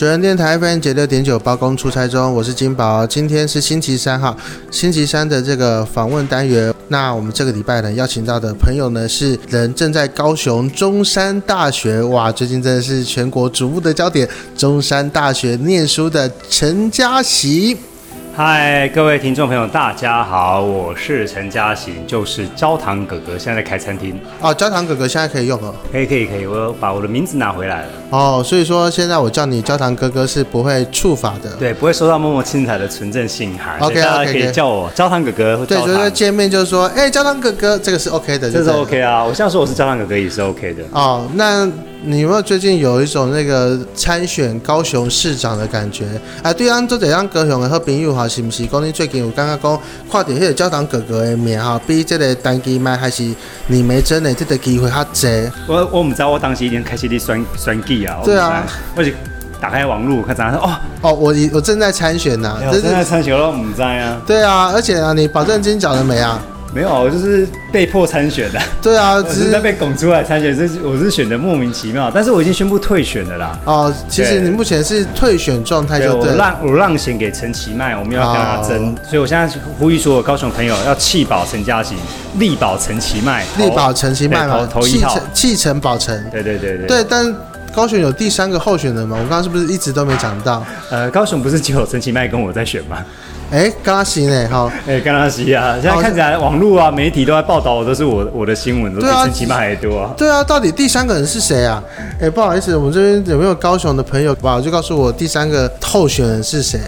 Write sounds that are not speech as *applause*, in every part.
主人電臺，FM 九六點九，包工出差中，我是金寶。今天是星期三哈，星期三的這個訪問單元，那我們這個禮拜呢，邀請到的朋友呢是人正在高雄中山大學哇，最近真的是全國矚目的焦點，中山大學念書的陳嘉行。嗨，各位聽眾朋友，大家好，我是陳嘉行，就是焦糖哥哥，現在在開餐廳。哦，焦糖哥哥現在可以用了。可以，可以，可以，我把我的名字拿回來了。哦，所以說現在我叫你焦糖哥哥是不會觸法的。對，不會收到默默精彩的存證信函。OK，, okay 大家可以叫我焦糖哥哥糖。對，所以說見面就是說，哎、欸，焦糖哥哥，這個是 OK 的。這是 OK 啊，我現在說我是焦糖哥哥也是 OK 的、嗯。哦，那你有沒有最近有一種那個參選高雄市長的感覺。哎，對，啊，都得讓高雄和平友好。是唔是講你最近有剛剛講看到迄個焦糖哥哥的面哈，比這個單機麥還是年尾整的這個機會較濟？我我唔知道，我當時已經開始佇選選舉啊。對啊，我就打開網絡看怎樣說哦哦，我我正在參選吶、啊，欸、我正在參選咯，唔知道啊。對啊，而且啊，你保證金繳了沒啊？ *laughs* 沒有，我就是被迫參選的。對啊，只是，我是在被拱出來參選，我是選的莫名其妙。但是我已經宣布退選了啦。哦，其實你目前是退選狀態就對了。對。我讓，我讓選給陳其邁，我們要跟他爭、哦。所以我現在呼籲說，高雄朋友要棄保陳嘉行，力保陳其邁，力保陳其邁嘛，棄棄陳保陳。對對對對。對，但高雄有第三個候選人嗎？我剛剛是不是一直都沒講到？呃，高雄不是只有陳其邁跟我在選嗎？誒，剛剛行誒，好，誒，剛剛行啊！現在看起來網絡啊、哦，媒體都在報道我，都是我我的新聞，都比陳其邁還多，啊對啊。對啊，到底第三個人是誰啊？誒，不好意思，我們這邊有沒有高雄的朋友吧？我就告訴我第三個候選人是誰？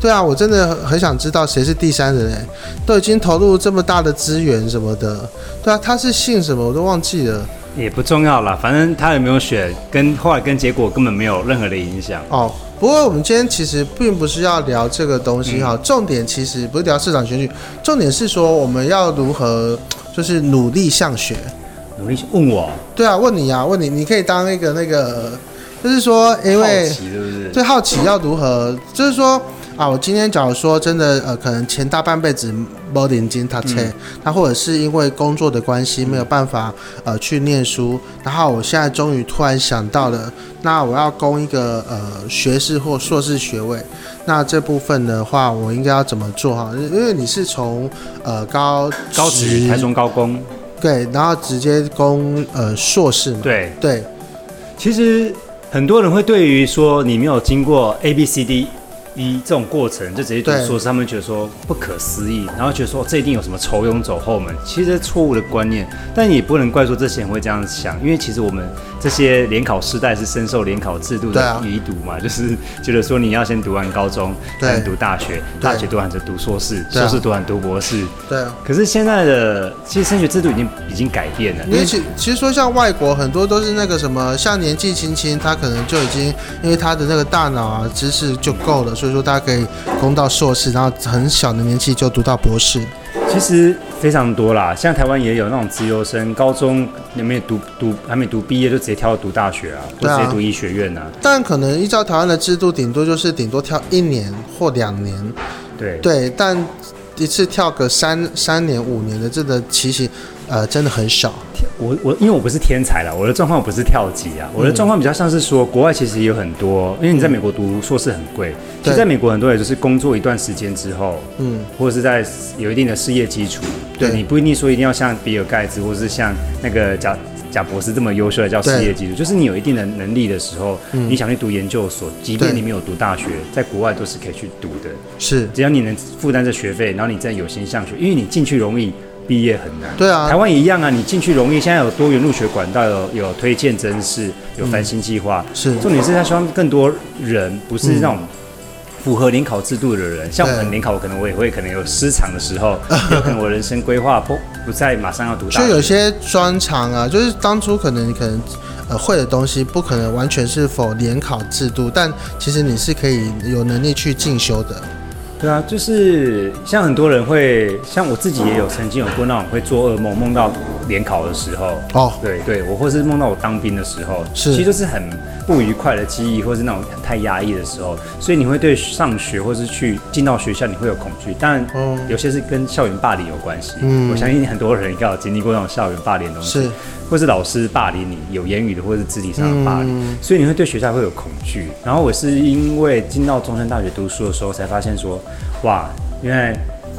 對啊，我真的很想知道誰是第三人誒，都已經投入這麼大的資源什麼的，對啊，他是姓什麼我都忘記了，也不重要了，反正他有沒有選跟後來跟結果根本沒有任何的影響哦。不過我們今天其實並不是要聊這個東西哈，重點其實不是聊市場選舉，重點是說我們要如何就是努力向學，努力問我？對啊，問你啊，問你，你可以當那個那個，就是說，因為好奇最好奇要如何，就是說啊，我今天假如說真的呃，可能前大半輩子。包點金，他、嗯、他或者是因為工作的關係沒有辦法、嗯、呃去念書，然後我現在終於突然想到了，嗯、那我要攻一個呃學士或碩士學位、嗯，那這部分的話我應該要怎麼做哈？因為你是從呃高級高職，還是從高工，對，然後直接攻呃碩士，對對，其實很多人會對於說你沒有經過 A B C D。一這種過程就直接讀碩士，他們覺得說不可思議，然後覺得說這一定有什麼抽佣走後門，其實錯誤的觀念，但也不能怪說這些人會這樣想，因為其實我們這些聯考世代是深受聯考制度的遺毒嘛、啊，就是覺得說你要先讀完高中，對，讀大學，大學讀完再讀碩士、啊，碩士讀完讀博士，對、啊。可是現在的其實升學制度已經已經改變了，而其其實說像外國很多都是那個什麼，像年紀輕輕他可能就已經因為他的那個大腦啊知識就夠了。所就是說，大家可以攻到碩士，然後很小的年紀就讀到博士，其實非常多啦。像台灣也有那種資優生，高中還沒讀讀，還沒讀畢業就直接跳到讀大學啊，或者、啊、直接讀醫學院啊。但可能依照台灣的制度，頂多就是頂多跳一年或兩年，對對。但一次跳個三三年、五年的，這個其實呃真的很少。我我因為我不是天才啦。我的狀況我不是跳級啊、嗯，我的狀況比較像是說，國外其實也有很多，因為你在美國讀碩士很貴，嗯，其實在美國很多人就是工作一段時間之後，嗯，或者是在有一定的事業基礎，嗯，對，對你不一定說一定要像比爾蓋茨或者是像那個賈賈博士這麼優秀的叫事業基礎，就是你有一定的能力的時候，嗯，你想去讀研究所，即便你沒有讀大學，在國外都是可以去讀的，是，只要你能負擔這學費，然後你再有心向學，因為你進去容易。畢業很難，對啊，台灣也一樣啊。你進去容易，現在有多元入學管道，有有推薦甄試有繁星計畫。是、啊，重點是他希望更多人，不是那種符合聯考制度的人。嗯、像我們聯考，可能我也會可能有失常的時候，有可能我人生規劃不不再馬上要讀大學。就有些專長啊，就是當初可能你可能呃會的東西，不可能完全是否聯考制度，但其實你是可以有能力去進修的。對啊，就是像很多人會，像我自己也有曾經有過那種會做噩夢，夢、oh. 到聯考的時候，哦、oh.，對對，我或是夢到我當兵的時候，是，其實就是很不愉快的記憶，或是那種很太壓抑的時候，所以你會對上學或是去進到學校你會有恐懼，當然，有些是跟校園霸凌有關係，oh. 我相信很多人應該有經歷過那種校園霸凌的東西。是或是老師霸凌你，有言語的，或者是肢體上的霸凌，嗯，所以你會對學校會有恐懼。然後我是因為進到中山大學讀書的時候，才發現說，哇，原來、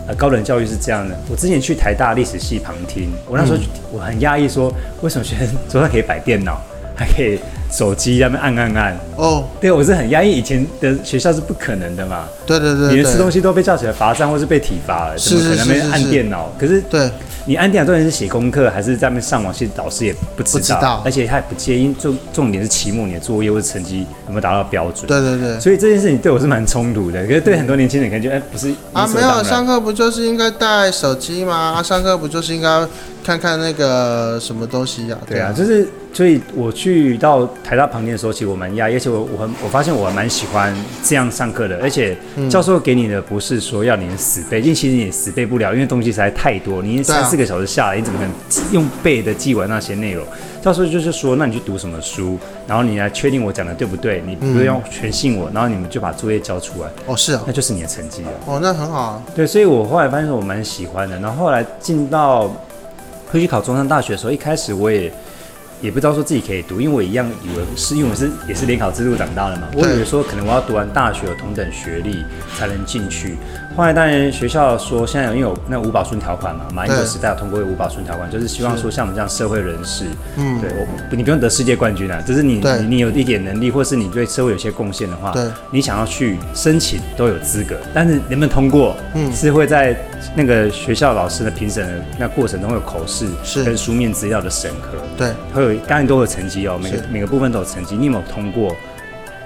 呃、高等教育是這樣的。我之前去台大歷史系旁聽，我那時候、嗯、我很壓抑，說為什麼學生桌上可以擺電腦，還可以。手機在那邊按按按哦、oh.，對我是很壓抑。以前的學校是不可能的嘛，對對對,對，連吃東西都被叫起來罰站，或是被體罰了，是是是是是怎麼可能按電腦？是是是是可是，對，你按電腦到底是寫功課，還是在那邊上網？其實系導師也不,不知道，而且他也不介意，重重點是期末你的作業或成績有沒有達到標準。對對對，所以這件事情對我是蠻衝突的，可是對很多年輕人感覺，嗯、哎，不是啊，沒有上課不就是應該帶手機嗎、啊？上課不就是應該看看那個什麼東西呀、啊？對啊，就是，所以我去到。台大旁邊的時候其實，我蠻訝異，而且我我我發現我蠻喜歡這樣上課的，而且教授給你的不是說要你死背，因為其實你死背不了，因為東西實在太多。你三、啊、四個小時下來，你怎麼可能用背的記完那些內容、嗯？教授就是說，那你去讀什麼書，然後你來確定我講的對不對？你不用全信我，然後你們就把作業交出來。哦，是啊，那就是你的成績了哦。哦，那很好啊。對，所以我後來發現我蠻喜歡的，然後後來進到科技考中山大學的時候，一開始我也。也不知道說自己可以讀，因為我一樣以為是、是因為我是也是聯考制度長大的嘛，我以為說可能我要讀完大學有同等學歷才能進去。當然，學校說，現在有因為有那五保送條款嘛，馬英九時代有通過有五保送條款，就是希望說像我們這樣社會人士，嗯，對，我你不用得世界冠軍啊。只是你你，你有一點能力，或是你對社會有些貢獻的話，對，你想要去申請都有資格，但是能不能通過，嗯，是會在那個學校老師的評審的那過程中會有口試跟書面資料的審核，對，會有當然都有成績哦，每個每個部分都有成績，你有沒有通過。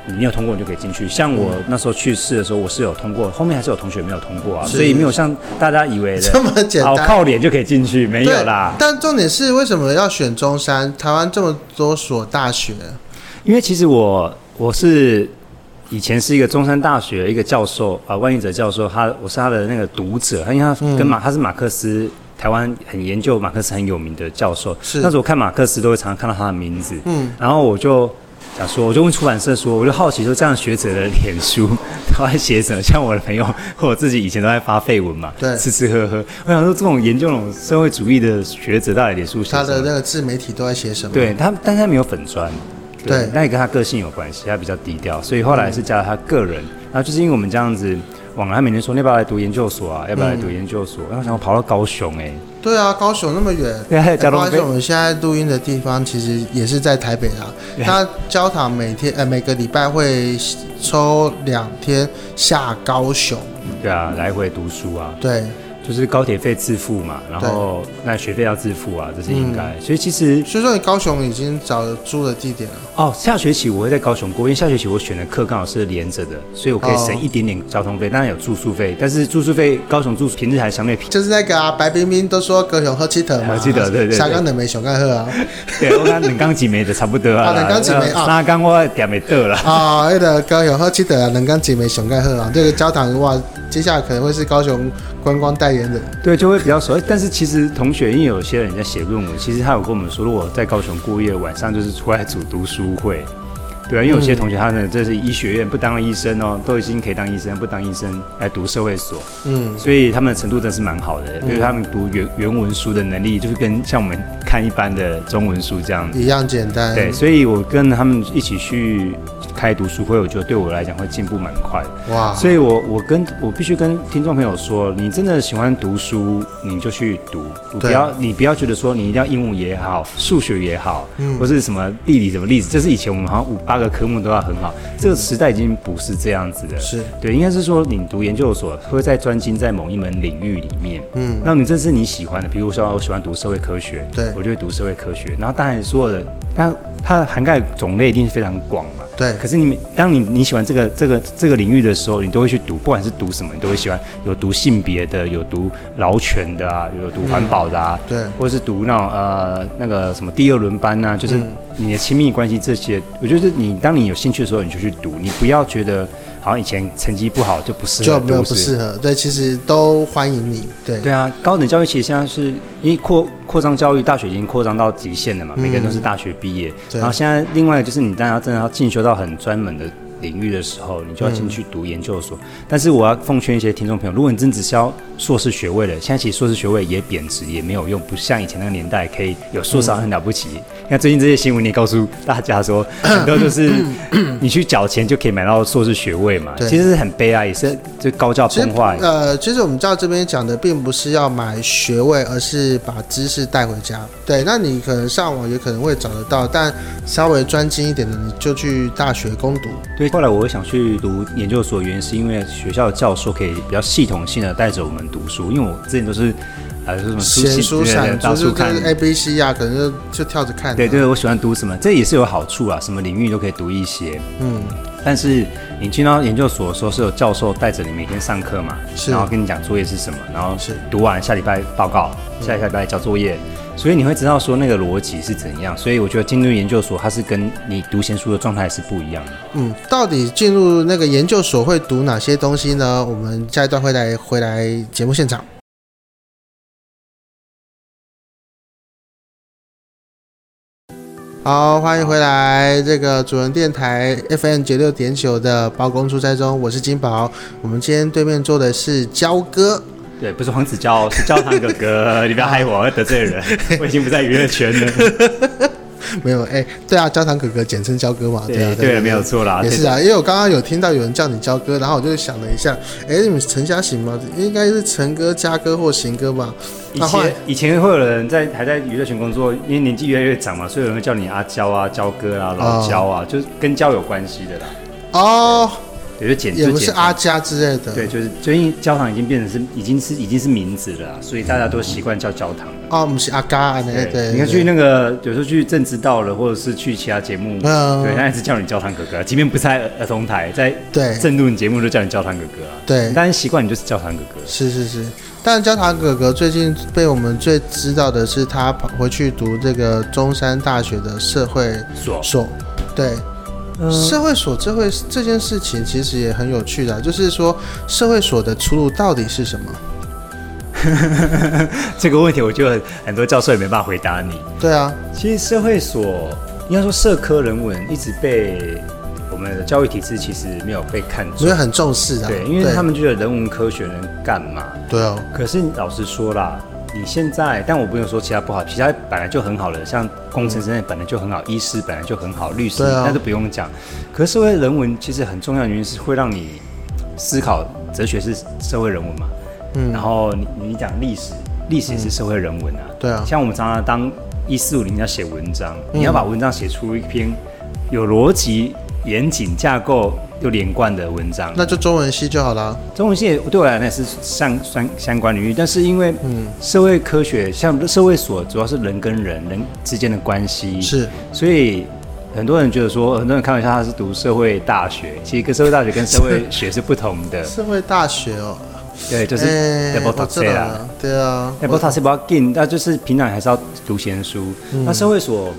你沒有通過，你就可以進去。像我那時候去試的時候，我是有通過，嗯、後面還是有同學沒有通過啊，所以沒有像大家以為的這麼簡單，好靠臉就可以進去，沒有啦。但重點是，為什麼要選中山？台灣這麼多所大學？因為其實我我是以前是一個中山大學的一個教授啊、呃，萬毓澤教授，他我是他的那個讀者，因為他跟馬、嗯、他是馬克思，台灣很研究馬克思很有名的教授。是。那時候看馬克思都會常常看到他的名字。嗯。然後我就。想說，我就問出版社說，我就好奇說，這樣學者的臉書都在寫什麼？像我的朋友或我自己以前都在發廢文嘛，對，吃吃喝喝。我想說，這種研究這種社會主義的學者，到底臉書寫什麼，他的那個自媒體都在寫什麼？對他，但是他沒有粉專。對，那也跟他個性有關係，他比較低調，所以後來是加了他個人、嗯。然後就是因為我們這樣子往來，每天說你要不要來讀研究所啊，要不要來讀研究所？嗯、然後想我跑到高雄哎，對啊，高雄那麼遠。對、啊，還有嘉隆。我們現在錄音的地方其實也是在台北啊。啊他焦糖每天呃、欸、每個禮拜會抽兩天下高雄。對啊，來回讀書啊。對。就是高鐵費自付嘛，然後那學費要自付啊，這是應該、嗯。所以其實，所以說你高雄已經找了租的地點了哦。下學期我會在高雄過，因為下學期我選的課剛好是連着的，所以我可以省一點點交通費、哦，當然有住宿費，但是住宿費高雄住平日還相對平。就是那個啊，白冰冰都說高雄喝七特嘛，七、啊、朵對對的梅熊蓋喝啊，對，我看能港幾沒的差不多了 *laughs* 啊，能港幾沒啊，沙港我點沒得了啊。哦那個、好的，高雄喝七特啊，兩港幾梅熊蓋喝啊， *laughs* 這個焦糖的話接下來可能會是高雄觀光代言人，對就會比較熟，但是其實同學因為有些人在寫論文，其實他有跟我們說，如果在高雄過夜，晚上就是出來組讀書會，對啊，因為有些同學他呢這是醫學院不當醫生哦，都已經可以當醫生，不當醫生來讀社會所，嗯，所以他們的程度真的是蠻好的，就、嗯、是他們讀原原文書的能力，就是跟像我們。看一般的中文書這樣子一樣簡單對，所以我跟他們一起去開讀書會，我覺得對我來講會進步蠻快哇。所以我我跟我必須跟聽眾朋友說，你真的喜歡讀書，你就去讀，不要你不要覺得說你一定要英文也好，數學也好，嗯，或是什麼地理什麼歷史，這、就是以前我們好像五八個科目都要很好。這個時代已經不是這樣子的，是對，應該是說你讀研究所會在專精在某一門領域裡面，嗯，那你這是你喜歡的，比如說我喜歡讀社會科學，對。我就會讀社會科學，然後當然所有的，它它涵蓋種類一定是非常廣嘛。對。可是你當你你喜歡這個這個這個領域的時候，你都會去讀，不管是讀什麼，你都會喜歡有讀性別的，有讀勞權的啊，有讀環保的啊，嗯、對，或者是讀那種呃那個什麼第二輪班吶、啊，就是你的親密關係這些。嗯、我覺得你當你有興趣的時候，你就去讀，你不要覺得。好像以前成績不好就不適合，就不就不適合，對，其實都歡迎你，對。對啊，高等教育其實現在是因為擴擴張教育，大學已經擴張到極限了嘛，嗯，每個人都是大學畢業，對。然後現在另外就是你大家真的要進修到很專門的。領域的時候，你就要進去讀研究所。嗯、但是我要奉勸一些聽眾朋友，如果你真的需要碩士學位的，現在其實碩士學位也貶值，也沒有用，不像以前那個年代可以有碩士、啊嗯、很了不起。你看最近這些新聞，你告訴大家說，很多就是咳咳咳咳咳你去繳錢就可以買到碩士學位嘛，其實是很悲哀，也是這高教崩壞。呃，其實我們在這邊講的並不是要買學位，而是把知識帶回家。對，那你可能上網也可能會找得到，但稍微專精一點的，你就去大學攻讀。對。後來我想去讀研究所，原因是因為學校的教授可以比較系統性的帶着我們讀書，因為我之前都是啊說什麼先書善到處看，就是，就是 ABC 啊，可能就，就跳着看啊。對，就我喜歡讀什麼，這也是有好處啊，什麼領域都可以讀一些。嗯，但是你進到研究所的時候是有教授帶着你每天上課嘛？是，然後跟你講作業是什麼，然後是讀完下禮拜報告，下下禮拜交作業。嗯下所以你會知道說那個邏輯是怎樣，所以我覺得進入研究所，它是跟你讀閒書的狀態是不一樣的。嗯，到底進入那個研究所會讀哪些東西呢？我們下一段會來回來節目現場。好，歡迎回來這個主人電台 FM 九六點九的包公出差中，我是金寶，我們今天對面坐的是焦哥。對，不是黃子佼，是焦糖哥哥。 *laughs* 你不要害我，我得罪人。我已經不在娛樂圈了。 *laughs* 沒有，哎、欸，對啊，焦糖哥哥，簡稱焦哥嘛，對啊，對？對，沒有錯啦，也是啊。因為我剛剛有聽到有人叫你焦哥，然後我就想了一下，哎、欸，你們是陳嘉行嗎？應該是陳哥、嘉哥或行哥吧？以前以前會有人在還在娛樂圈工作，因為年紀越來越長嘛，所以有人會叫你阿焦啊、焦哥啊、老焦啊，oh. 就是跟焦有關係的啦。哦、oh.。Oh. 也不是阿加之類的，對，就是最近焦糖已經變成是已經是已經是名字了，所以大家都習慣叫焦糖了。了、嗯。哦，不是阿加那、啊、對，對，對，對。你看去那個，有時候去政治道了，或者是去其他節目、嗯，對，他還是叫你焦糖哥哥，即便不是在兒童台，在正錄你節目就叫你焦糖哥哥啊。對。當然習慣你就是焦糖哥哥。是是是，但是焦糖哥哥最近被我們最知道的是他跑回去讀這個中山大學的社會所，所對。嗯、社會所這會，這件事情其實也很有趣的，啊，就是說社會所的出路到底是什麼？ *laughs* 這個問題我覺得很多教授也沒辦法回答你。對啊，其實社會所應該說社科人文一直被我們的教育體制，其實沒有被看重，所以很重視啊。對，因為他們覺得人文科學能幹嘛？對啊，哦，可是老實說啦。你現在，但我不用說其他不好，其他本來就很好了，像工程師本來就很好、嗯，醫師本來就很好，律師、啊、那就不用講。可是社會人文其實很重要的原因是會讓你思考，哲學是社會人文嘛，嗯，然後你你講歷史，歷史也是社會人文啊、嗯，對啊，像我們常常當一四五零要寫文章、嗯，你要把文章寫出一篇有邏輯。嚴謹架構又連貫的文章，那就中文系就好了。中文系也對我來講是相相相關領域，但是因為嗯，社會科學像社會所，主要是人跟人人之間的關係是，所以很多人覺得說，很多人開玩笑他是讀社會大學，其實跟社會大學跟社會學是不同的。 *laughs* 社會大學哦，對，就是。apo、欸、對啊，那不他是不要進，那就是平常還是要讀閒書、嗯。那社會所。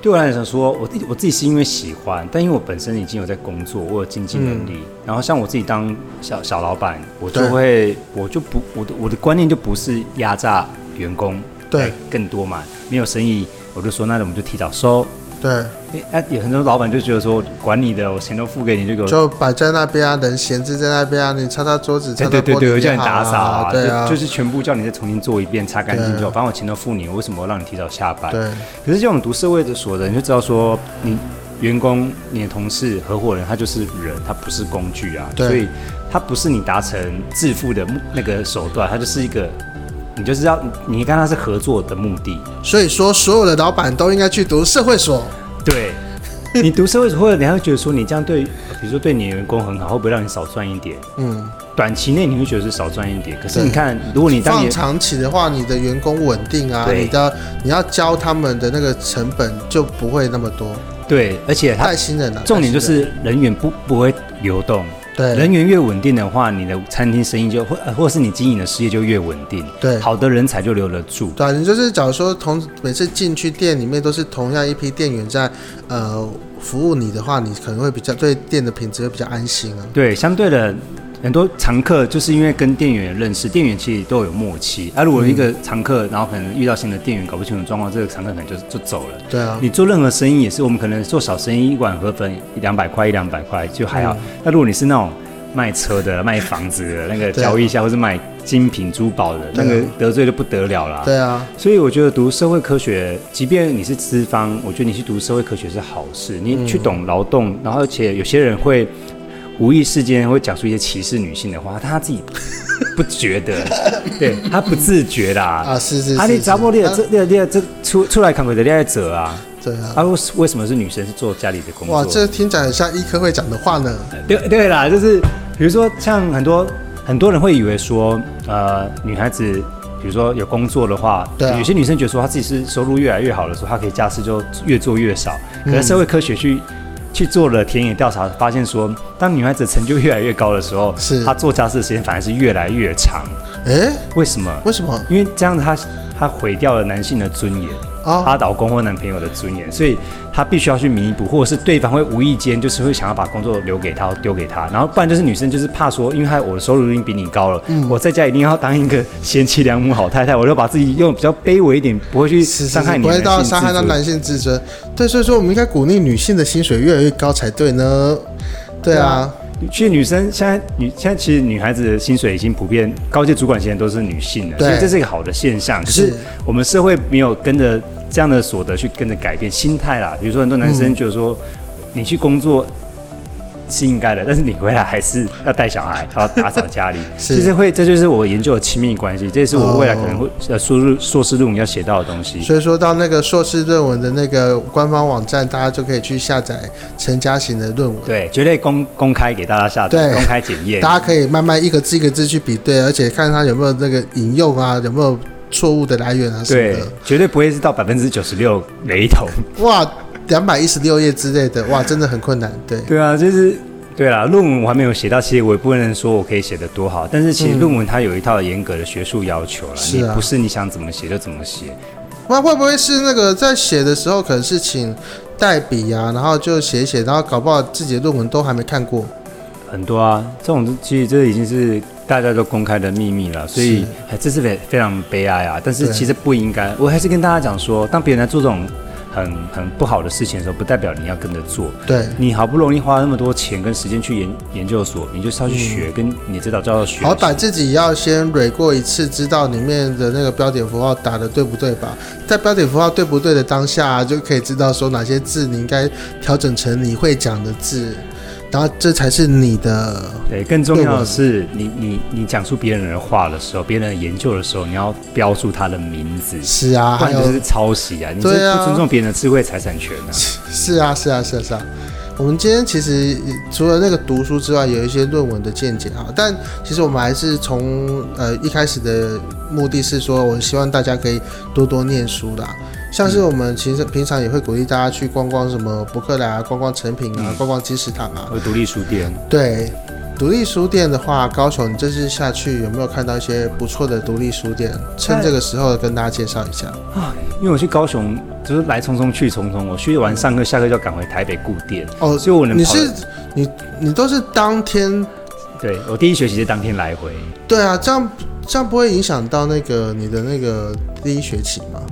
對我來講，說，我我自己是因為喜歡，但因為我本身已經有在工作，我有經濟能力。嗯、然後像我自己當小小老板，我就會，我就不，我的我的觀念就不是壓榨員工，對，更多嘛，沒有生意，我就說，那我們就提早收。對，哎、欸啊，有很多老闆就覺得說，管你的，我錢都付給你，就給我就擺在那邊啊，人閒置在那邊啊，你擦擦桌子，擦擦桌子，對對對，我叫你打掃、啊啊，對、啊對啊、就、就是全部叫你再重新做一遍，擦乾淨就好。反正我錢都付你，我為什麼讓你提早下班？對。可是這種讀社會的所人就知道說，你員工、你的同事、合夥人，他就是人，他不是工具啊，對，所以他不是你達成致富的那個手段，他就是一個。你就是要你跟他是合作的目的，所以說所有的老闆都應該去讀社會所。對，你讀社會所，或者你會覺得說你這樣對，比如說對你員工很好，會不會讓你少賺一點？嗯，短期內你會覺得是少賺一點，可是你看，如果你放長期的話，你的員工穩定啊，你的你要教他們的那個成本就不會那麼多。對，而且帶新人了，啊，重點就是人員不不會流動。對，人員越穩定的話，你的餐廳生意就會呃，或是你經營的事業就越穩定。對，好的人才就留得住。對，你就是假如說同每次進去店裡面都是同樣一批店員在，呃，服務你的話，你可能會比較對店的品質會比較安心啊。對，相對的。很多常客就是因為跟店員認識，店員其實都有默契。啊，如果一個常客，然後可能遇到新的店員搞不清楚狀況，這個常客可能就就走了。對啊，你做任何生意也是，我們可能做小生意，一碗河粉一兩百塊，一兩百塊就還好。那如果你是那種賣車的、賣房子的那個交易下，或是賣精品珠寶的那個，得罪就不得了啦對、啊。對啊，所以我覺得讀社會科學，即便你是資方，我覺得你去讀社會科學是好事，你去懂勞動、嗯，然後而且有些人會。無意之間會講出一些歧視女性的話，她自己不覺得， *laughs* 對她不自覺啦。啊，是是是，是。啊，你查不到你的這、啊、這、這、出出來康菲的戀愛者啊，對啊。啊，為什麼是女生是做家裡的工作？哇，這聽起來很像醫科會講的話呢。對對、對啦，就是比如說像很多很多人會以為說，呃，女孩子比如說有工作的話對、哦，有些女生覺得說她自己是收入越來越好的時候，她可以家事就越做越少。可是社會科學去。嗯去做了田野調查，發現說，當女孩子成就越來越高的時候，是她做家事的時間反而是越來越長。哎、欸，為什麼？為什麼？因為這樣子，她，她她毀掉了男性的尊嚴。她、哦、老公或男朋友的尊嚴，所以她必須要去彌補，或者是對方會無意間就是會想要把工作留給她、丟給她，然後不然就是女生就是怕說，因為我的收入已經比你高了、嗯，我在家一定要當一個賢妻良母好太太，我就把自己用比較卑微一點，不會去傷害你是是，不會到傷害到男性自尊。對，所以說我們應該鼓勵女性的薪水越來越高才對呢。對啊。嗯其實女生現在女現在其實女孩子的薪水已經普遍，高階主管現在都是女性了，所以這是一個好的現象。可是我們社會沒有跟着這樣的所得去跟着改變心態啦，比如說很多男生就是說、嗯，你去工作。是應該的，但是你回來還是要帶小孩，他要打掃家裡。 *laughs* 是。其實會，這就是我研究的親密關係，這也是我未來可能會呃、哦、碩士碩士論文要寫到的東西。所以說到那個碩士論文的那個官方網站，大家就可以去下載陳嘉行的論文。對，絕對公公開給大家下載，對，公開檢驗，大家可以慢慢一個字一個字去比對，而且看他有沒有那個引用啊，有沒有錯誤的來源啊什麼的。對，絕對不會是到百分之九十六雷同哇。兩百一十六頁之類的，哇，真的很困難。對對啊，就是對啦。論文我還沒有寫到，其實我也不能說我可以寫的多好，但是其實論文它有一套嚴格的學術要求了、嗯，你不是你想怎麼寫就怎麼寫。那、啊、會不會是那個在寫的時候可能是請代筆啊，然後就寫一寫，然後搞不好自己的論文都還沒看過。很多啊，這種其實這已經是大家都公開的秘密了，所以是這是非非常悲哀啊。但是其實不應該，我還是跟大家講說，當別人來做這種。很很不好的事情的時候，不代表你要跟着做。對，你好不容易花那麼多錢跟時間去研研究所，你就是要去學，嗯、跟你知道就要學，學。好歹自己要先 read 過一次，知道裡面的那個標點符號打的對不對吧？在標點符號對不對的當下、啊，就可以知道說哪些字你應該調整成你會講的字。然後這才是你的。對，更重要的是你，你你你講述別人的話的時候，別人研究的時候，你要標注他的名字。是啊，他就是抄襲啊！你是不尊重別人的智慧財產權啊？是啊，是啊，是啊，是啊。我們今天其實除了那個讀書之外，有一些論文的見解哈、啊，但其實我們還是從呃一開始的目的是說，我希望大家可以多多念書啦。像是我們其實平常也會鼓勵大家去逛逛什麼博客來啊，逛逛誠品啊，逛逛金石堂啊、嗯。會獨立書店。對，獨立書店的話，高雄，這次下去有沒有看到一些不錯的獨立書店？趁這個時候跟大家介紹一下啊、哦。因為我去高雄。就是來匆匆去匆匆，我去完上課下課就要趕回台北顧店。哦，所以我能你是你你都是當天，對，我第一學期是當天來回。對啊，這樣這樣不會影響到那個你的那個第一學期嗎？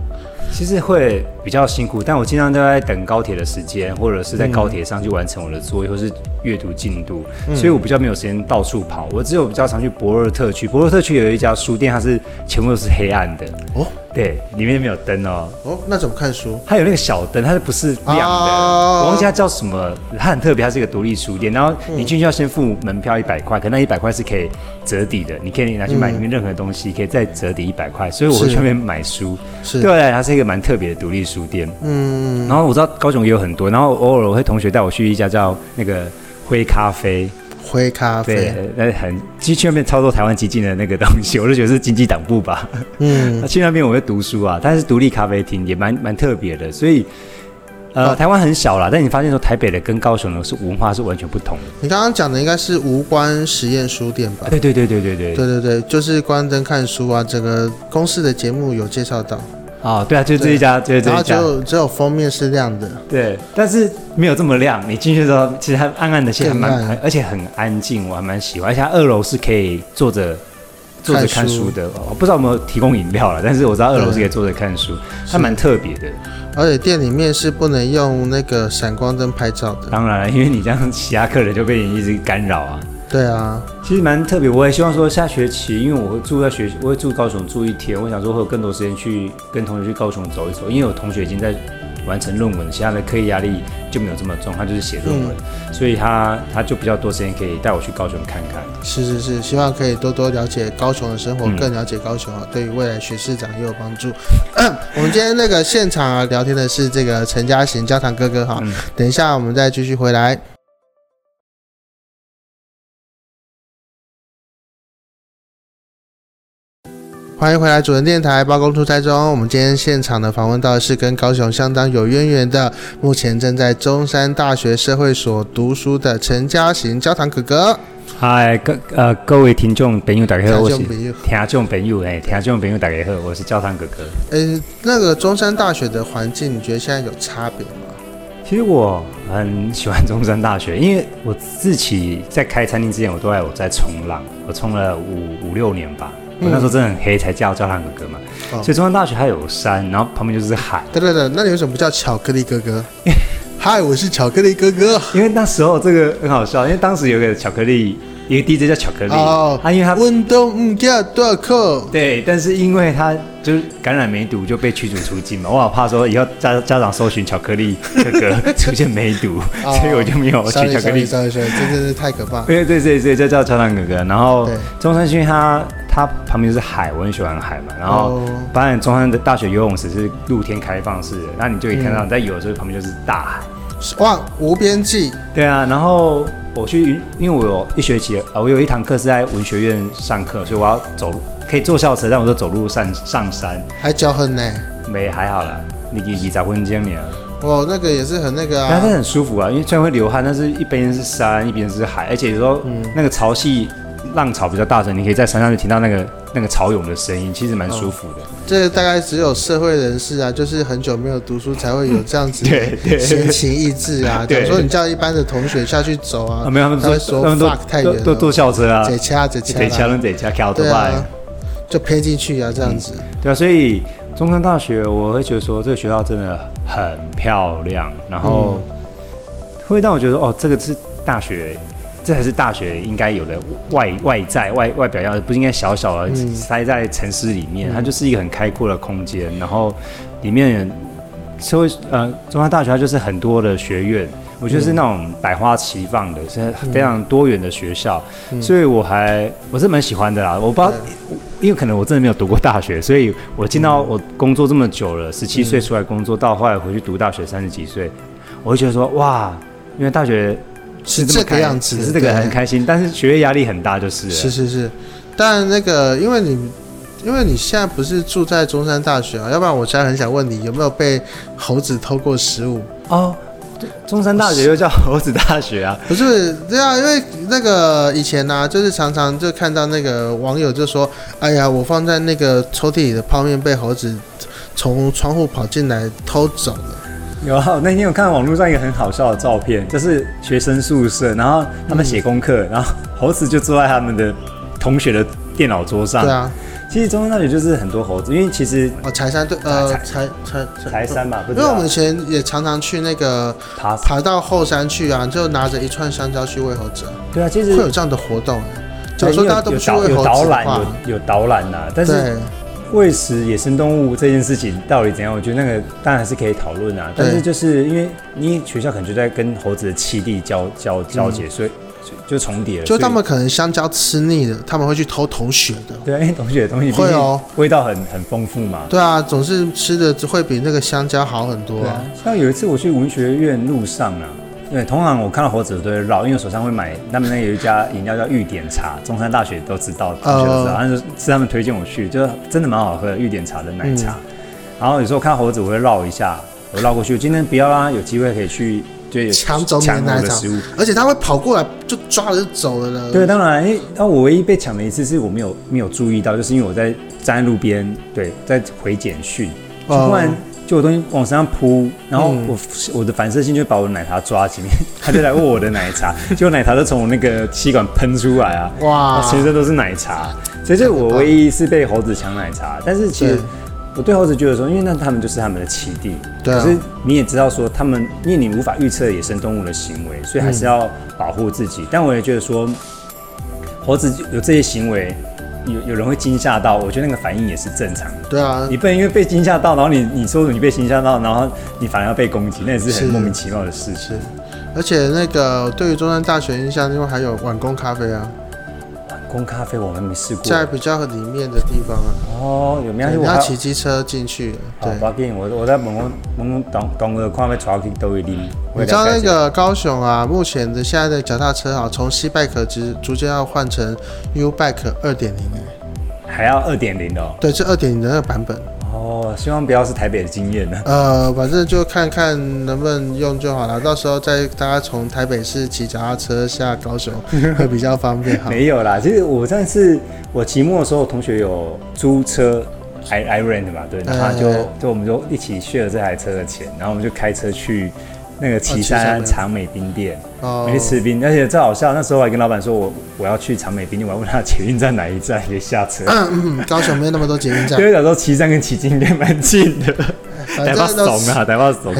其實會比較辛苦，但我經常都在等高鐵的時間，或者是在高鐵上去完成我的作業，嗯、或者是。閱讀進度，所以我比較沒有時間到處跑。嗯，我只有比較常去駁二特區。駁二特區有一家書店，它是全部都是黑暗的哦。對，裡面沒有燈哦。哦，那怎麼看書？它有那個小燈，它是不是亮的？啊，我忘記它叫什麼，它很特別，它是一個獨立書店。然後你進去要先付門票一百塊，可那一百塊是可以折抵的，你可以拿去買裡面任何東西，嗯、可以再折抵一百塊。所以我去那邊買書，是對我來講它是一個蠻特別的獨立書店。嗯，然後我知道高雄也有很多，然後偶爾我會同學帶我去一家叫那個。灰咖啡，灰咖啡，對，那很，其實去那邊操作台灣基金的那個東西，我就覺得是經濟黨部吧。嗯，去那邊我會讀書啊，但是獨立咖啡廳也蠻蠻特別的，所以，呃，啊、台灣很小啦，但你發現說，台北的跟高雄的是文化是完全不同的。你剛剛講的應該是無關實驗書店吧？對對對對對對對對對，對對對就是關燈看書啊，整個公司的節目有介紹到。哦，對啊，就這一家，就是、這一家，只有只有封面是亮的，對，但是沒有這麼亮。你進去之後，其實它暗暗的線還蠻，其實還蠻，而且很安靜，我還蠻喜歡。而且它二樓是可以坐着坐着看書的，我、哦、不知道有沒有提供飲料了，但是我知道二樓是可以坐着看書，它蠻特別的、的。而且店裡面是不能用那個閃光燈拍照的，當然了，因為你這樣其他客人就被你一直干擾啊。對啊，其實蠻特別。我也希望說下學期，因為我會住在學，我會住高雄住一天。我想說會有更多時間去跟同學去高雄走一走。因為我同學已經在完成論文，其他的課業壓力就沒有這麼重，他就是寫論文，嗯、所以他他就比較多時間可以帶我去高雄看看。是是是，希望可以多多了解高雄的生活，嗯、更了解高雄啊，對於未來選市長也有幫助。嗯， *laughs* 我們今天那個現場啊，聊天的是這個陳嘉行，焦糖哥哥哈、嗯。等一下我們再繼續回來。歡迎回來，金寶電台《包公出差中》。我們今天現場的訪問到的是跟高雄相當有淵源的，目前正在中山大學社會所讀書的陳嘉行，焦糖哥哥。嗨、呃，各呃各位聽眾朋友大家好，我是聽眾朋友哎，聽眾朋友大家好，我是焦糖哥哥。嗯，那個中山大學的環境，你覺得現在有差別嗎？其實我很喜歡中山大學，因為我自己在開餐廳之前，我都還有在衝浪，我衝了五五六年吧。我那時候真的很黑，才叫我焦糖哥哥嘛。所以中山大學它有山，然後旁邊就是海。對對對，那你為什麼不叫巧克力哥哥？嗨，我是巧克力哥哥。因為那時候這個很好笑，因為當時有個巧克力，一個 DJ 叫巧克力，啊，他因為他溫度多克對，但是因為他就感染梅毒就被驅逐出境嘛。我好怕說以後家家長搜尋巧克力哥哥出現梅毒，所以我就沒有去巧克力。真的是太可怕。對對對對，對，叫叫焦糖哥哥，然後中山區他。它旁邊是海，我很喜歡海嘛。然後，當然中山的大學游泳池是露天開放式的，哦、那你就可以看到，嗯，在游的時候旁邊就是大海，哇，無邊際。對啊，然後我去云，因為我有一學期我有一堂課是在文學院上課，所以我要走路，可以坐校車，但我走路上上山，還腳很累，沒還好啦，你你二十分鐘而已。哦，那個也是很那個啊，但是很舒服啊，因為雖然會流汗，但是一邊是山，一邊是海，而且有時候那個潮汐。嗯浪潮比較大聲，你可以在山上就聽到那個那個潮湧的聲音，其實蠻舒服的。哦、這個、大概只有社會人士啊，就是很久沒有讀書才會有這樣子的閒情逸致啊。對，對對對對，假如說你叫一般的同學下去走啊，沒有，會他們說太遠了都，啊、坐校車啊，啊，啊，啊。對，掐，對掐，對掐，掐到位，就偏進去啊，這樣子，嗯。對啊，所以中山大學，我會覺得說這個學校真的很漂亮，然後會讓、嗯、我覺得哦，這個是大學、欸。這才是大學應該有的外外在外外表，要不應該小小的塞在城市裡面，嗯，它就是一個很開闊的空間。嗯、然後裡面，社會呃，中山大學它就是很多的學院，嗯、我覺得是那種百花齊放的，是、嗯、非常多元的學校。嗯、所以，我還我是蠻喜歡的啦。我不知道、嗯，因為可能我真的沒有讀過大學，所以我進到我工作這麼久了，十、嗯、七歲出來工作，到後來回去讀大學，三十幾歲，嗯、我會覺得說哇，因為大學。是這，這個樣子的，是這個很開心，但是學業壓力很大，就是。是是是，但那個因為你，因為你現在不是住在中山大學啊，要不然我現在很想問你有沒有被猴子偷過食物？哦，中山大學又叫猴子大學啊？哦、是不是，對啊，因為那個以前呢、啊，就是常常就看到那個網友就說，哎呀，我放在那個抽屜裡的泡麵被猴子從窗戶跑進來偷走了。有、啊，那天我看到網絡上一個很好笑的照片，就是學生宿舍，然後他們寫功課、嗯，然後猴子就坐在他們的同學的電腦桌上。對啊，其實中山大學就是很多猴子，因為其實呃，柴、哦、山對，呃，柴柴山吧，因為我們以前也常常去那個爬爬到後山去啊，就拿着一串香蕉去餵猴子、啊。對啊，其實會有這樣的活動，啊、假如說大家都不去餵猴子，有有導覽啊，但是。餵食野生動物這件事情到底怎樣？我覺得那個當然是可以討論啊，但是就是因為你學校可能就在跟猴子的棲地交交交接，嗯，所以就重疊了。就他們可能香蕉吃膩了，他們會去偷同學的。對，因為同學的東西會哦，味道很很豐富嘛。對啊，總是吃的只會比那個香蕉好很多，啊對。像有一次我去文學院路上啊。對，通常我看到猴子，都會繞，因為我手上會買。他們那有一家飲料叫玉典茶，中山大學都知道，同學都知道，是是他們推薦我去，就真的蠻好喝的玉典茶的奶茶。嗯、然後有時候我看到猴子，我會繞一下，我繞過去。我今天不要讓他，有機會可以去，對，搶走搶食物。而且他會跑過來就抓了就走了呢。對，當然，哎、欸，但我唯一被搶的一次是我沒有沒有注意到，就是因為我在站在路邊，對，在回簡訊，突然。嗯就我東西往身上撲，然後我、嗯、我的反射性就把我的奶茶抓起來， *laughs* 他就來握我的奶茶， *laughs* 結果奶茶都從我那個吸管噴出來啊！哇，全身都是奶茶。所以這我唯一是被猴子搶奶茶，嗯，但是其實我對猴子覺得說，因為那他們就是他們的棲地。對、啊。可是你也知道說，他們因為你無法預測野生動物的行為，所以還是要保護自己。嗯、但我也覺得說，猴子有這些行為。有有人會驚嚇到，我覺得那個反應也是正常的。對啊，你不能因為被驚嚇到，然後你你說你被驚嚇到，然後你反而要被攻擊，那也是很莫名其妙的事情。而且那個對於中山大學印象，因為還有碗公咖啡啊。公咖啡，我們沒試過，在比較裡面的地方啊。哦，有沒有要騎機車進去？對，我我在猛問問問東東哥看要傳到那個高雄啊，目前的現在的腳踏車啊，從 C bike 直，逐漸要換成 U bike 二點、欸、零，還要二點零的哦。對，這二點零的那個版本。哦，希望不要是台北的經驗呢。呃，反正就看看能不能用就好了。到時候再大家從台北市騎腳踏車下高雄會比較方便哈。 *laughs* 沒有啦，其實我上次我期末的時候，我同學有租車，i i rent 嘛，對，然後就、哎、就我們就一起 share 了這台車的錢，然後我們就開車去。那個旗山長美冰店，哦，沒吃冰、哦，而且最好笑，那時候我還跟老闆說我我要去長美冰，變，我要問他捷運站哪一站也下車。嗯嗯，高雄沒有那麼多捷運站。因為小時候旗山跟旗津店蠻近的，太怕慫了，太怕慫。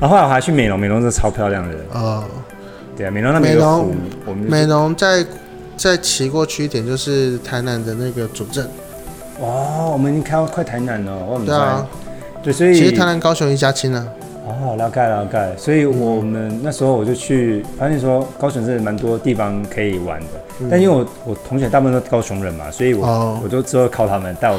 然後後來我還去美濃，美濃真的超漂亮的。哦，對啊，美濃那美濃美濃在在騎過去一點就是台南的那個主鎮。哦，我們已經開快台南了，我很快。對、啊、對，所以其實台南高雄一家親呢。哦，了解了解，所以我們、嗯、那時候我就去反正，你說，高雄真的蠻多地方可以玩的。嗯、但因為我我同學大部分都是高雄人嘛，所以我、哦、我就只有靠他們帶我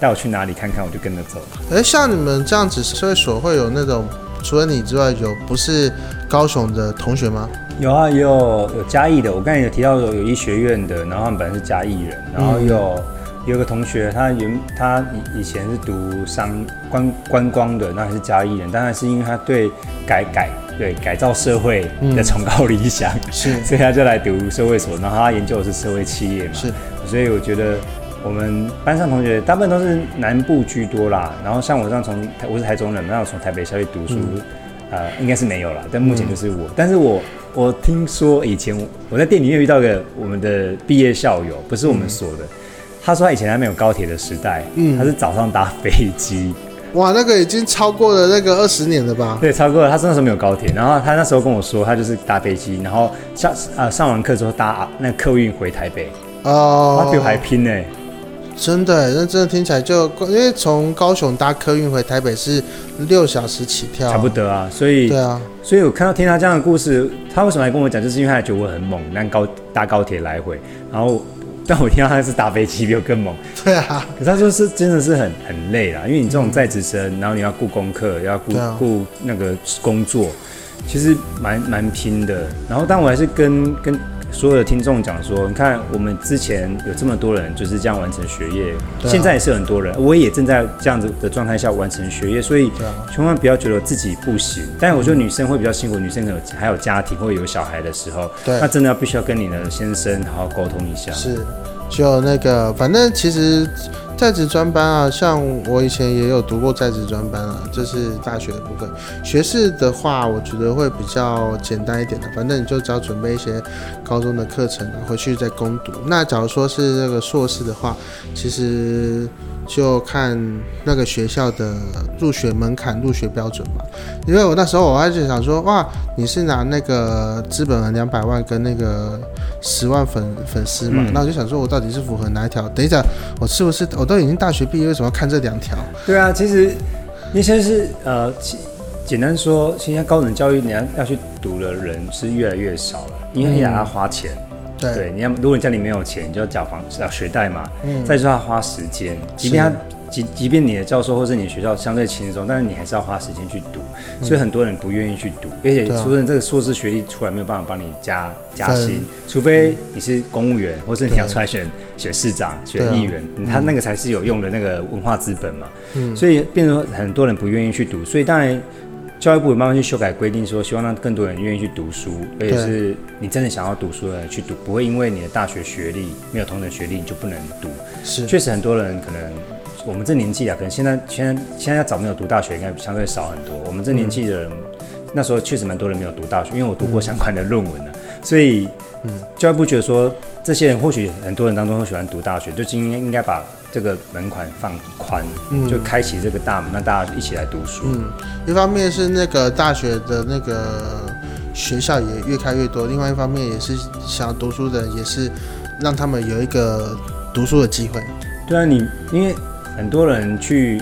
帶我去哪裡看看，我就跟着走。哎、欸，像你們這樣子，社會所會有那種除了你之外，有不是高雄的同學嗎？有啊，也有有嘉義的。我剛才有提到有有醫學院的，然後他們本來是嘉義人，然後有。嗯有有個同學，他原他以以前，是讀商觀觀光的，那還是嘉義人，當然是因為他對改改對改造社會的崇高理想、嗯，是，所以他就來讀社會所。然後他研究的是社會企業嘛，是。所以我覺得我們班上同學大部分都是南部居多啦。然後像我這樣從我是台中人，然後從台北校區讀書、嗯，呃，應該是沒有了。但目前就是我。嗯、但是我我聽說以前我在店裡面遇到一個我們的畢業校友，不是我們所的。嗯他說他以前還沒有高鐵的時代，嗯，他是早上搭飛機，哇，那個已經超過了那個二十年了吧？對，超過了。他那時候沒有高鐵，然後他那時候跟我說，他就是搭飛機，然後下啊、呃、上完課之後搭那客運回台北，啊、哦，他比我還拼呢，真的，那真的聽起來就因為從高雄搭客運回台北是六小時起跳、啊，差不多啊，所以對啊，所以我看到聽他這樣的故事，他為什麼還跟我講，就是因為他覺得我很猛，那高搭高鐵來回，然後。但我聽到他是打飛機比我更猛，對啊，可是他就是真的是很很累啦，因為你這種在職生，然後你要顧功課，要顧顧、啊、那個工作，其實蠻蠻拼的。然後，但我還是跟跟。所有的聽眾講說，你看我們之前有這麼多人就是這樣完成學業，啊、現在也是很多人，我也正在這樣子的狀態下完成學業，所以千萬不要覺得自己不行，啊。但我覺得女生會比較辛苦，女生可能還有家庭或者有小孩的時候，對那真的要必須要跟你的先生好好溝通一下。是，就那個，反正其實。在職專班啊，像我以前也有讀過在職專班啊，這、就是大學的部分。學士的話，我覺得會比較簡單一點的，反正你就只要準備一些高中的課程、啊、回去再攻讀。那假如說是這個碩士的話，其實就看那個學校的入學門檻、入學標準吧。因為我那時候我還是想說，哇，你是拿那個資本兩百萬跟那個。十萬粉粉絲嘛、嗯，那我就想說，我到底是符合哪一條？等一下，我是不是我都已經大學畢業，為什麼要看這兩條？對啊，其實，你先是呃，簡簡單說，現在高等教育你要要去讀的人是越來越少了，嗯、因為你還要，要花錢，對，對你要如果你家裡沒有錢，你就要繳房子要學貸嘛，嗯，再就要花時間，即便。即即便你的教授或是你的學校相對輕鬆，但是你還是要花時間去讀、嗯，所以很多人不願意去讀。而且，出生這個碩士學歷出來沒有辦法幫你加加薪，除非你是公務員，嗯、或是你要出來選選市長、選議員，他那個才是有用的那個文化資本嘛。嗯、所以，變成很多人不願意去讀。所以，當然教育部也慢慢去修改規定，說希望讓更多人願意去讀書，而且是你真的想要讀書的人去讀，不會因為你的大學學歷沒有同等學歷你就不能讀。是，確實很多人可能。我們這年紀啊，可能現在、現在、現在要早沒有讀大學，應該相對少很多。我們這年紀的人、嗯，那時候確實蠻多人沒有讀大學，因為我讀過相關的論文呢、啊嗯。所以，嗯，教育部覺得說，這些人或許很多人當中都喜歡讀大學，就今天應該把這個門檻放寬、嗯，就開啟這個大門，讓大家一起來讀書。嗯，一方面是那個大學的那個學校也越開越多，另外一方面也是想讀書的人，也是讓他們有一個讀書的機會。對啊，你因為。很多人去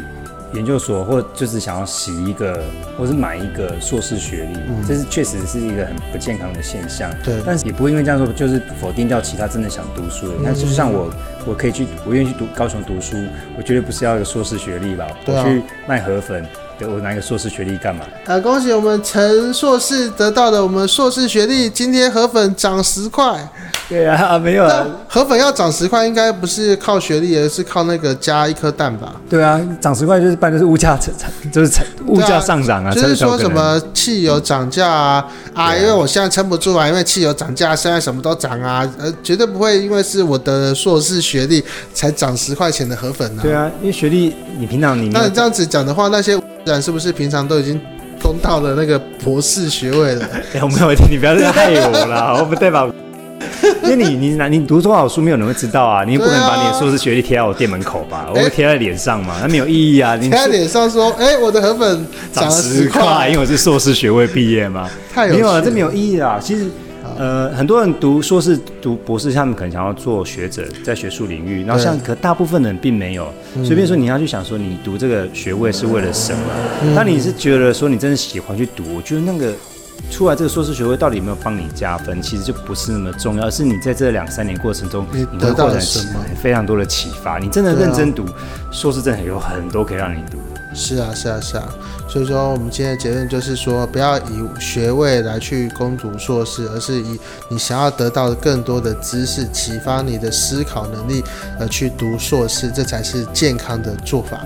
研究所，或就是想要洗一個，或是買一個碩士學歷。嗯，這是確實是一個很不健康的現象。對，但是也不會因為這樣說就是否定掉其他真的想讀書的。嗯，但是就像我，我可以去，我願意去讀高雄讀書，我絕對不是要一個碩士學歷吧。對啊，我去賣河粉。我拿一個碩士學歷幹嘛？呃，恭喜我們陳碩士得到的我們碩士學歷，今天河粉漲十塊。對啊，啊沒有啊，河粉要漲十塊，應該不是靠學歷，而是靠那個加一顆蛋吧？對啊，漲十塊就是半個是物價成，就是成物價上漲啊，啊。就是說什麼汽油漲價啊、嗯、啊，啊！因為我現在撐不住啊，因為汽油漲價，現在什麼都漲啊。呃，絕對不會因為是我的碩士學歷才漲十塊錢的河粉啊。對啊，因為學歷，你平常你那你這樣子講的話，那些。是不是平常都已經攻到了那個博士學位了？哎、欸，我沒有問題，你不要再害我了， *laughs* 我不對吧？因為你你你，你讀多少書沒有人會知道啊，你不可能把你的碩士學歷貼在我店門口吧？我會貼在臉上嘛？那、欸、沒有意義啊！貼在臉上說，哎、欸，我的河粉漲了十塊，因為我是碩士學位畢業嘛太有了，沒有啊，這沒有意義啊，其實。呃，很多人讀碩士、讀博士，他們可能想要做學者，在學術領域。然後像可大部分人並沒有、嗯。隨便說，你要去想說，你讀這個學位是為了什麼？那、嗯、你是覺得說，你真的喜歡去讀？我覺得那個出來這個碩士學位到底有沒有幫你加分，其實就不是那麼重要，而是你在這兩三年過程中，你，你會獲得什麼？非常多的啟發。你真的認真讀碩士，真的有很多可以讓你讀。是啊是啊是啊，所以說我們今天的結論就是說，不要以學位來去攻讀碩士，而是以你想要得到更多的知識，啟發你的思考能力，而去讀碩士，這才是健康的做法。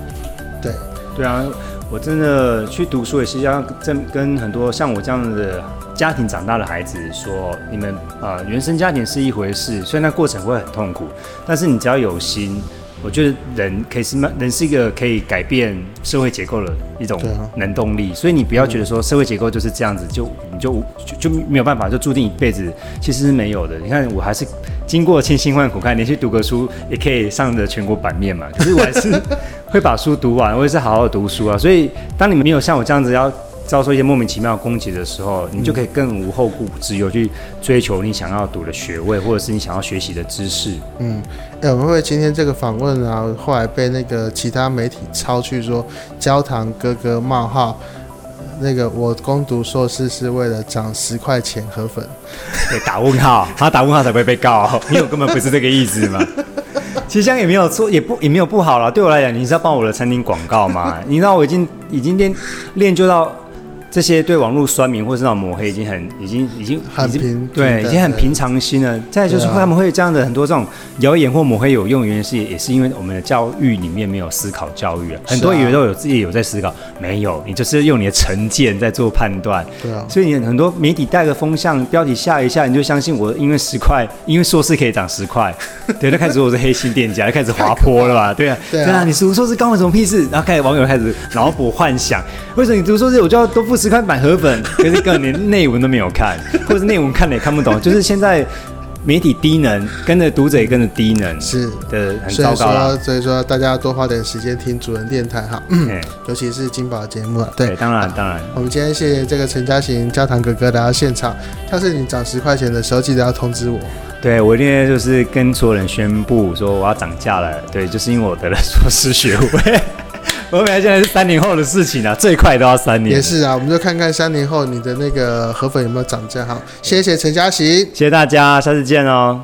對對啊，我真的去讀書也是要跟跟很多像我這樣的家庭長大的孩子說，你們啊、呃，原生家庭是一回事，雖然那過程會很痛苦，但是你只要有心。我覺得人可以是慢，人是一個可以改變社會結構的一種能動力，啊、所以你不要覺得說社會結構就是這樣子，就你就就，就沒有辦法，就注定一輩子其實是沒有的。你看我還是經過千辛萬苦看，看連續讀個書也可以上的全國版面嘛，可是我還是會把書讀完， *laughs* 我也是好好讀書啊。所以當你們沒有像我這樣子要。遭受一些莫名其妙的攻擊的時候，你就可以更無後顧之憂去追求你想要讀的學位，或者是你想要學習的知識。嗯，哎、欸，我們會今天這個訪問啊，然後，後來被那個其他媒體抄去說“焦糖哥哥冒號”，那個我攻讀碩士是為了漲十塊錢河粉，打問號，他，啊、打問號才不會被告，因為我根本不是這個意思嘛。 *laughs* 其實這樣也沒有錯，也不也沒有不好啦。對我來講，你是要幫我的餐廳廣告嗎？你知道我已經已經練練就到。這些對網絡酸民或是那種抹黑，已經很已經已經很平，對，已經很平常心了。對對對，再來就是他們會有這樣的很多這種謠言或抹黑有用的，原因，是也是因為我們的教育裡面沒有思考教育啊。很多以為都有自己、啊，有在思考，沒有，你就是用你的成見在做判斷。對啊，所以你很多媒體帶個風向標題下一下，你就相信我，因為十塊，因為碩士可以漲十塊， *laughs* 對，就開始說我是黑心店家，就開始滑坡了吧、啊？對啊，對啊，你讀碩士干我什麼屁事？然後開始網友開始腦補幻想， *laughs* 為什麼你讀碩士我就要都不？只看百合粉可是根本連內文都沒有看， *laughs* 或者內文看了也看不懂。 *laughs* 就是現在媒體低能，跟着讀者也跟着低能，是的，很糟糕。所以說，所以說大家要多花點時間聽主人電台哈，尤其是金寶節目、啊對。對，當然當然、啊。我們今天謝謝這個陳嘉行焦糖哥哥來到現場。下次你漲十塊錢的時候，記得要通知我。對，我今天就是跟所有人宣布說我要漲價了。對，就是因為我得了碩士學位。 *laughs* 我本來現在是三年後的事情啊，最快都要三年。也是啊，我們就看看三年後你的那個河粉有沒有漲價。好，謝謝陳嘉行，謝謝大家，下次見哦。